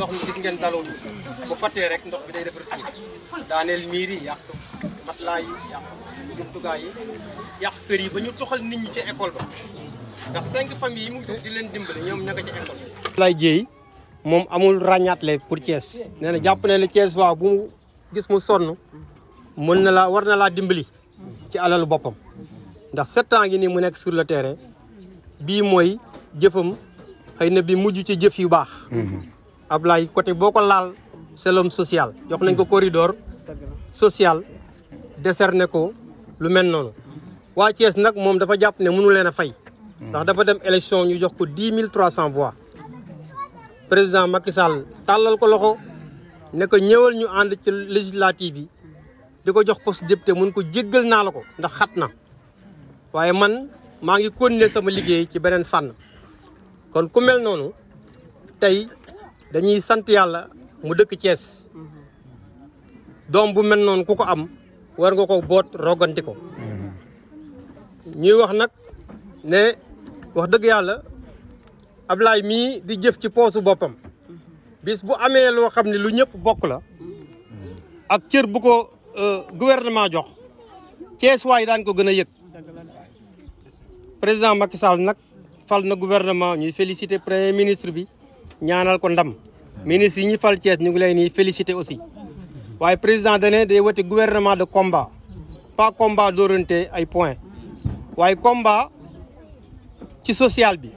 ndox mi gis ngeen dalul rek ndox bi day def retour daaneel miir yi kër yi ba ñu toxal nit ñi ci école ba ndax cinq familles yi mu jóg di leen dimbale ñoom ña ci école bi. moom amul ràññaatle pour Thiès nee na jàpp na ne Thiès waa bu mu gis mu sonn mën na laa war na laa dimbali ci alalu boppam ndax sept ngi nii mu nekk sur le terrain bii mooy jëfam xëy na mujj ci jëf yu baax. Mhm. Ablaye côté boo ko laal c'est l'homme social jox nañ ko corridor social décerné ko lu mel noonu waa cees nag moom dafa jàpp ne mënu leen a fay ndax dafa dem élection ñu jox ko dix mille trois cent voix président Macky tàllal ko loxo ne ñëwal ñu ànd ci législative yi di ko jox ko poste député mun ko jéggal naa la ko ndax xat na waaye man maa ngi continuer sama liggéey ci beneen fànn kon ku mel noonu tey dañuy sant yàlla mu dëkk cees doom bu mel noonu ku ko am war nga ko boot roganti ko ñuy wax nag ne wax dëgg yàlla Ablaye mii di jëf ci poosu boppam bis bu amee loo xam ne lu ñëpp bokk la ak cër bu ko euh, gouvernement jox Thiès waay daan ko gën a yëg président Macky Sall nag fal na gouvernement ñuy féliciter premier ministre bi ñaanal ko ndam ministre yi ñu fal Thiès ñu ngi lay nii félicité aussi waaye président dane day wati gouvernement de komba pas combat dóorante ay point waaye combat ci social bi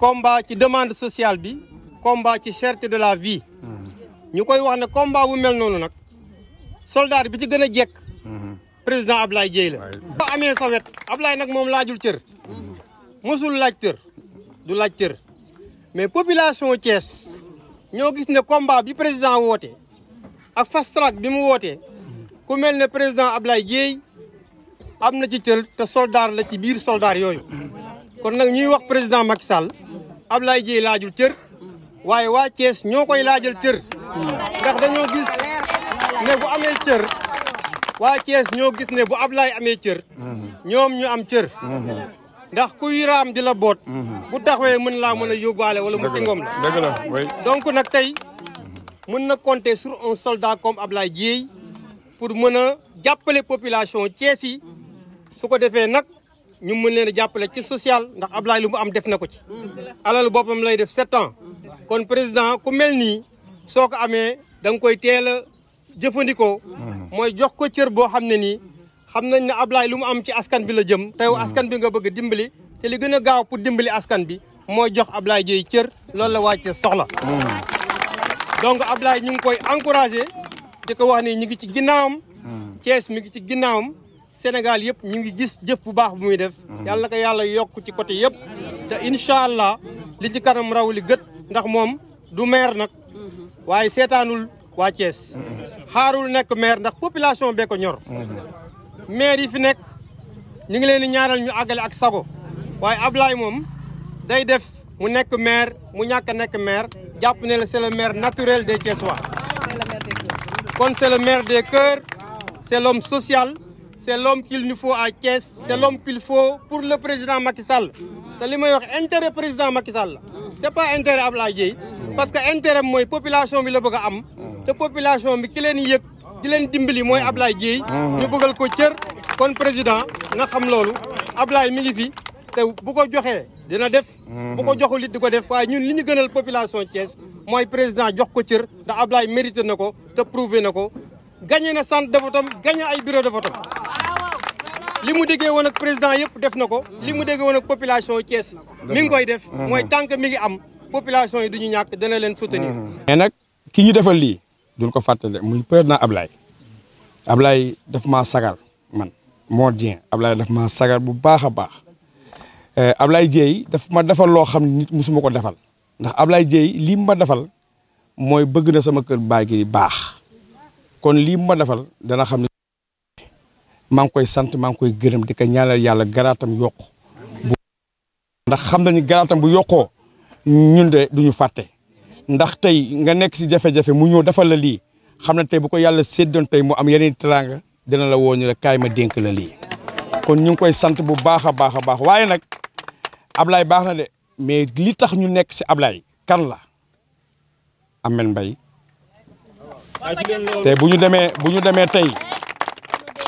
combat ci demande sociale bi combat ci cherté de la vie ñu koy wax ne combat bu mel noonu nag soldat bi ci gën a jekk président Ablaye Dieye la boo amee sa wet Ablaye nag moom laajul cër mosul laaj tër du laaj cër mais population Thiès ñoo gis ne combat bi président woote ak fast bi mu woote ku mel ne président Ablaye Dièye am na ci cër te soldaar la ci biir soldaar yooyu kon nag ñuy wax président Macky Sall Ablaye Dièye laajul cër waaye waa Thiès ñoo koy laajal cër ndax dañoo gis ne bu amee cër waa Thiès ñoo gis ne bu Ablaye amee cër ñoom ñu am cër ndax ku raam di la boot. Mhm. bu taxawee mën laa mën a yóbbaale wala mu tingoom la. dëgg donc nag tey mën na compter sur un soldat comme Ablaye Dièye pour mën a jàppale population Thiès yi su ko defee nag ñu mën leen a jàppale ci social ndax Ablaye lu mu am def na ko ci. alalu boppam lay def sept ans kon président ku mel nii soo ko amee da nga koy teel a jëfandikoo. Mhm. mooy jox ko cër boo xam ne nii. xam nañ ne Ablaye lu mu am ci askan bi la jëm tew hmm. askan bi nga bëgg dimbali te li gën a gaaw pour dimbali askan bi moo jox Ablaye Dieye cër loolu la waa Thiès soxla hmm. donc Ablaye ñu ngi koy encouragé di ko wax ni ñu ngi ci ginnaawam hmm. Thiès mi ngi ci ginnaawam Sénégal yëpp ñu ngi gis jëf bu baax bu muy def yàlla na ko yàlla yokk ci côté yëpp te incha allah li ci kanam raw li gët ndax moom du maire nag waaye seetaanul waa Thiès xaarul nekk maire ndax population bee ko ñor maire yi fi nekk ñu ngi leen di ñaaral ñu àggale ak sago waaye Ablaye moom day def mu nekk maire mu ñàkk a nekk maire jàpp ne la c'est le maire naturel des Thiessois kon c'est le maire des cœurs c'est l'homme social c'est l'homme qu'il nous faut à Thiès c'est l'homme qu'il faut pour le président Macky Sall te li may wax intérêt président Macky la c'est pas intérêt Ablaye Dièye parce que intérêt mooy population bi la bëgg a am te population bi ki leen yëg ki leen dimbali mooy Ablaye Dieye mhm. ñu bëggal ko cër kon président na xam loolu Ablaye mi ngi fi te bu ko joxee dina def mhm. bu ko joxul di ko def waaye ñun li ñu gënal population Thiès mooy président jox ko cër ndax Ablaye mérité na ko te prouvé na ko gagné na centre de vote am gagné ay bureau de li mu déggee woon ak président yëpp def na ko li mu déggee woon ak population Thiès mi ngi koy def mhm. mooy tant que mi ngi am population yi du ñu ñàkk dana leen soutenir mais nag ki ñu defal lii duñ ko fàttale muy président Ablaye ablay daf ma sagal man moo dien ablay daf ma sagar bu baax a baax eh, Ablaye Dieye daf ma defal loo xam ne nit musuma ko defal ndax Ablaye Dieye lii ma defal mooy bëgg na sama kër baax gi baax kon lii ma defal dana xam ne maa ngi koy sant maa ngi koy gërëm di ko ñaanal yàlla garaatam yokku ndax xam nañu garaatam bu yokkoo ñun de duñu fàtte ndax tey nga nekk si jafe-jafe mu ñëw dafa la lii xam ne tey bu ko yàlla séddoon tey mu am yeneen teraanga dina la woo ñu la kaay ma dénk la lii kon ñu ngi koy sant bu baax a baax a baax waaye nag Ablaye baax na de mais li tax ñu nekk si Ablaye kan la Ameth Mbaye te bu ñu demee bu ñu demee tey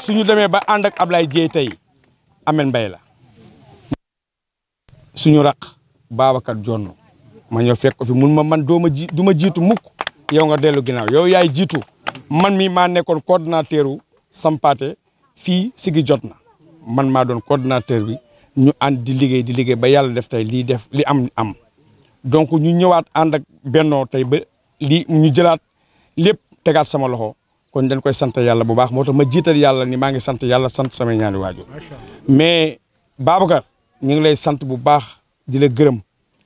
suñu demee ba ànd ak Ablaye Dieye tey Ameth Mbaye la suñu raq Babacar Jonn ma ñëw fekk ko fi mun ma man dooma ji du jiitu mukk yow nga dellu ginnaaw yow yaay jiitu man mi maa nekkoon coordonnateur wu Sampaate fii sigi jot na man maa doon coordonnateur bi ñu ànd di liggéey di liggéey ba yàlla def tey lii def li am am donc ñu ñëwaat ànd ak bennoo tey ba lii ñu jëlaat lépp tegaat sama loxo kon dañ koy sant yàlla bu baax moo tax ma jiital yàlla ni maa ngi sant yàlla sant samay ñaani waajur mais Babacar ñu ngi lay sant bu baax di la gërëm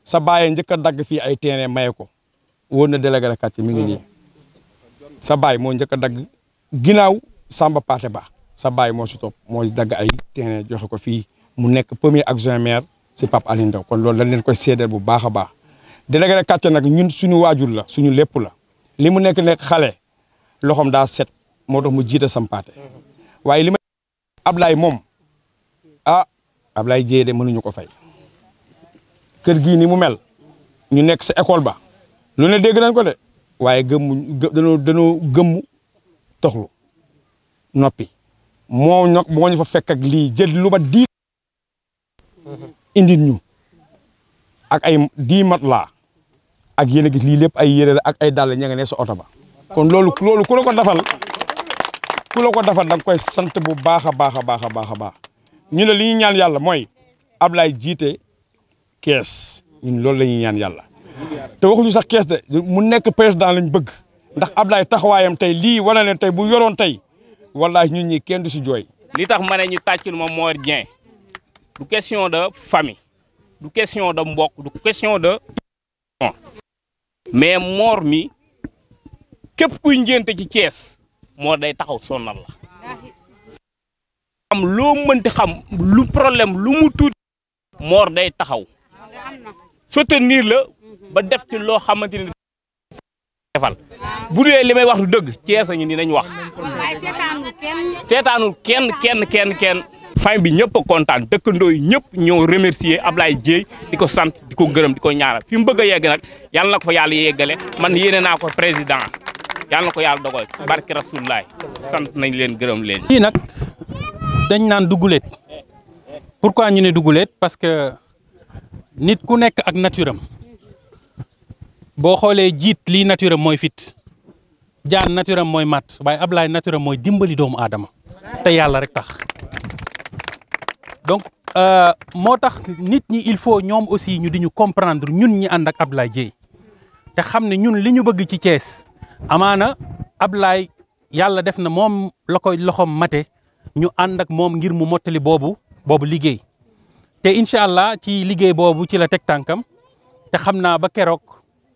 sa bàyyi njëkk dagg fii ay terrain maye ko woon na délégué de quartier mi ngi nii sa bàyyi moo njëkk a dagg ginnaaw Samba Paté Ba sa bàyyi moo si topp moo dagg ay terrain joxe ko fii mu nekk premier adjoint maire si Pape Alioune Ndao kon loolu dañ leen koy seedeel bu baax a baax délégué de quartier nag ñun suñu waajur la suñu lépp la li mu nekk nekk xale loxoom daa set moo tax mu jiite sampaate waaye li ma ab Ablaye moom ah Ablaye Dieye de mënuñu ko fay kër gii ni mu mel ñu nekk si école ba lu ne dégg nañ ko de waaye gëmmuñ danoo danoo gëmmu toxlu noppi moo ñok moo ñu fa fekk ak lii jël lu ba dii indil ñu ak ay dii mat laa ak yéen a gis lii lépp ay yére la ak ay dàll ña nga ne sa oto ba kon loolu ku la ko defal ku la ko defal da koy sant bu baax a baax a baax a baax a baax ñu ne li ñu ñaan yàlla mooy Ablaye jiite kees ñun loolu la ñuy ñaan yàlla te waxuñu sax kees de mu nekk président lañ bëgg ndax Ablaye taxawaayam tey lii wane leen tey bu yoroon tey wallaahi ñun ñi kenn du si jooy. li tax ma ne ñu tàccul ma Mor Dieng du question de famille du question de mbokk du question de. mais Mor mi képp kuy ngénte ci Thiès Mor day taxaw sonnal la. am loo xam lu problème lu mu tuuti. taxaw. soutenir la ba def ci loo xamante ni defal bu dee li may wax du dëgg Cees a ngi ni nañ wax seetaanul kenn kenn kenn kenn fay bi ñëpp a kontaan dëkkandoo yi ñëpp ñoo remercier Ablaye Dieye di ko sant di ko gërëm di ko ñaaral fi mu bëgg a yegg nag yàlla ko fa yàlla yeggale man yéene naa ko président yàlla na ko yàlla dogal barki rasulaay sant nañ leen gërëm leen. lii nag dañ naan duguleet pourquoi ñu ne duguleet parce que nit ku nekk ak nature am boo xoolee jiit lii nature mooy fit jaan nature mooy mat waaye Ablaye nature mooy dimbali doomu aadama te yàlla rek tax donc euh, moo tax nit ñi il faut ñoom aussi ñu di ñu comprendre ñun ñi ànd ak Ablaye Dieye te xam ne ñun li ñu bëgg ci Thiès amaana Ablaye yàlla def na moom la koy loxoom mate ñu ànd ak moom ngir mu mottali boobu boobu liggéey te incha allah ci liggéey boobu ci la teg tànkam te xam naa ba keroog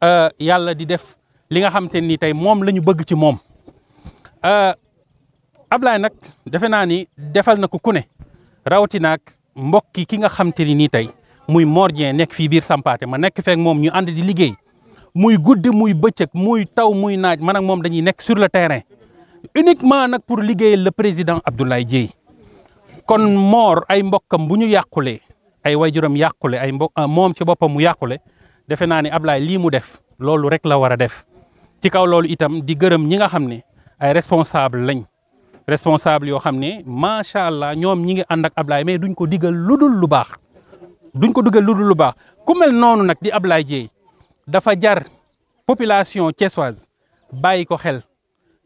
euh, yàlla di def li nga xam te ni tey moom la ñu bëgg ci moom euh, Ablaye nag defe naa ni defal na ko ku ne rawatina ak mbokk ki nga xam te ni nii tey muy moor Dieng nekk fii biir Sampaate ma nekk feek moom ñu ànd di liggéey muy guddi muy bëccëg muy taw muy naaj man ak moom dañuy nekk sur le terrain uniquement nag pour liggéeyal le président Abdoulaye Dièye kon moor ay mbokkam bu ñu yàqulee ay waajuram yàqule ay ah, moom ci boppam mu yàqule defe naa ne Ablaye lii mu def loolu rek la war a def ci kaw loolu itam di gërëm ñi nga xam ne ay responsable lañ responsable yoo xam ne macha allah ñoom ñi ngi ànd ak Ablaye mais duñ ko diggal lu dul lu baax duñ ko lu dul lu baax ku mel noonu nag di Ablaye Dieye dafa jar population thiessoise bàyyi ko xel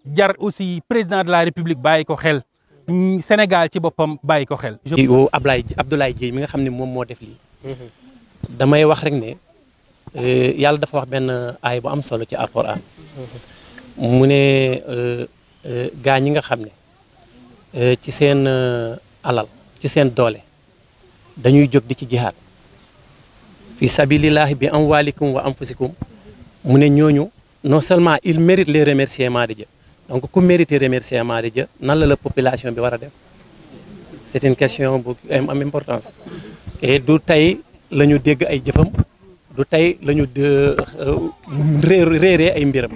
jar aussi président de la république bàyyi ko xel Sénégal ci boppam bàyyi ko xel. woo Ablaye Abdoulaye Dieye mi nga xam ne moom moo def lii. Mm-hmm. damay wax rek ne euh, yàlla dafa wax benn aay bu am solo ci alquran mm-hmm. mu ne euh, euh, gaa ñi nga xam ne ci seen alal ci seen doole dañuy jóg di ci jihaad fi sabilillahi bi en amwalikum wa anfusikum mu ne ñooñu non seulement il mérite les remerciements de Dieu donc ku mérité remerciement di jë nan la la population bi war a def c'est une question bu am importance et du tey la ñu dégg ay jëfam du tey la ñu euh, réeree ay mbiram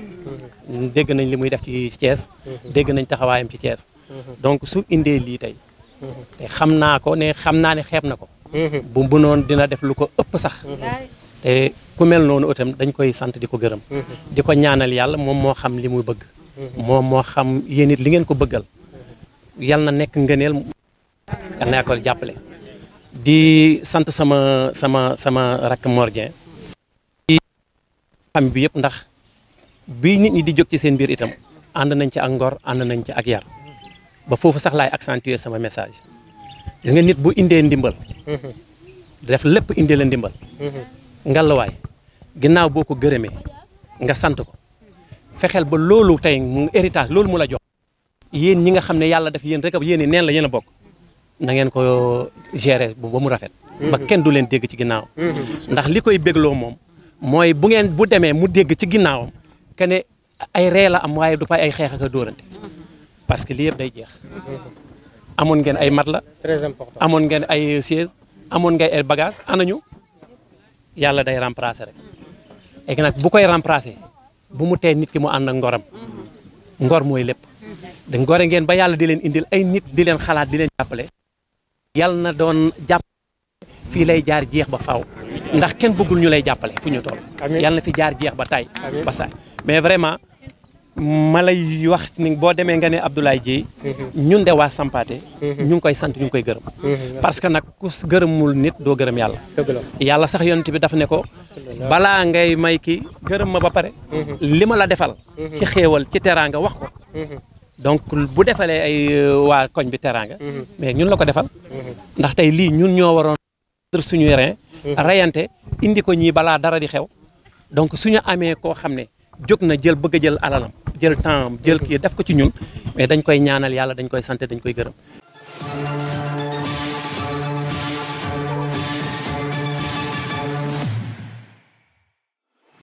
dégg nañ li muy def ci cees dégg nañ taxawaayam ci Thiès donc su indee lii tey te xam naa ko ne xam naa ne xeeb na ko bu bu noonu dina def lu ko ëpp sax te ku mel noonu itam dañ koy sant di ko gërëm di ko ñaanal yàlla moom moo xam li muy bëgg moom moo xam yéen it li ngeen ko bëggal yal na nekk ngëneel yal ko jàppale di sant sama sama sama rakk Mor bi yëpp ndax bi nit ñi di jóg ci seen biir itam ànd nañ ci ak ngor ànd nañ ci ak yar ba foofu sax laay accentuer sama message gis nga nit bu indee ndimbal def lépp indee la ndimbal mm-hmm. ngalawaay ginnaaw boo ko gërëmee nga sant ko fexeel ba loolu tey mu héritage loolu mu la jox yéen ñi nga xam ne yàlla def yéen rek ab yéen i neen la yéen bokk na ngeen ko gérer ba mu rafet mm-hmm. ba kenn du leen dégg ci ginnaaw mm-hmm. ndax li koy bégloo moom mooy bu ngeen bu demee mu dégg ci ginnaawam kene ne ay ree la am waaye du fay ay xeex ka a dóorante parce que lii yëpp day jeex mm-hmm. amoon ngeen ay mat la très amoon ngeen ay siège amoon ngeen ay bagage anañu yàlla day remplacer rek nag bu koy remplacer bu mu tee nit ki mu ànd ak ngoram ngor mooy lépp da ngore ngeen ba yàlla di leen indil ay nit di leen xalaat di leen jàppale yàlla na doon jàpp fii lay jaar jeex ba faw ndax kenn bëggul ñu lay jàppale fu ñu toll yàlla na fi jaar jeex ba tay ba saay mais vraiment ma lay wax ni boo demee nga ne Abdoulaye Dieye mhm. ñun de waa Sampaate mhm. ñu ngi koy sant ñu koy gërëm mhm. parce que nag ku gërëmul nit doo gërëm yàlla yàlla sax yoon yonent bi dafa ne ko balaa ngay may kii gërëm ma ba pare li ma la defal ci xéewal ci teraanga wax ko donc bu defalee ay euh, waa koñ bi teraanga mais ñun la ko defal ndax tey lii ñun ñoo waroon suñu rein rayante indi ko ñii balaa dara di xew donc suñu amee koo xam ne jóg na jël bëgg jël alalam jël temps jël kii def ko ci ñun mais dañ koy ñaanal yàlla dañ koy sant dañ koy gërëm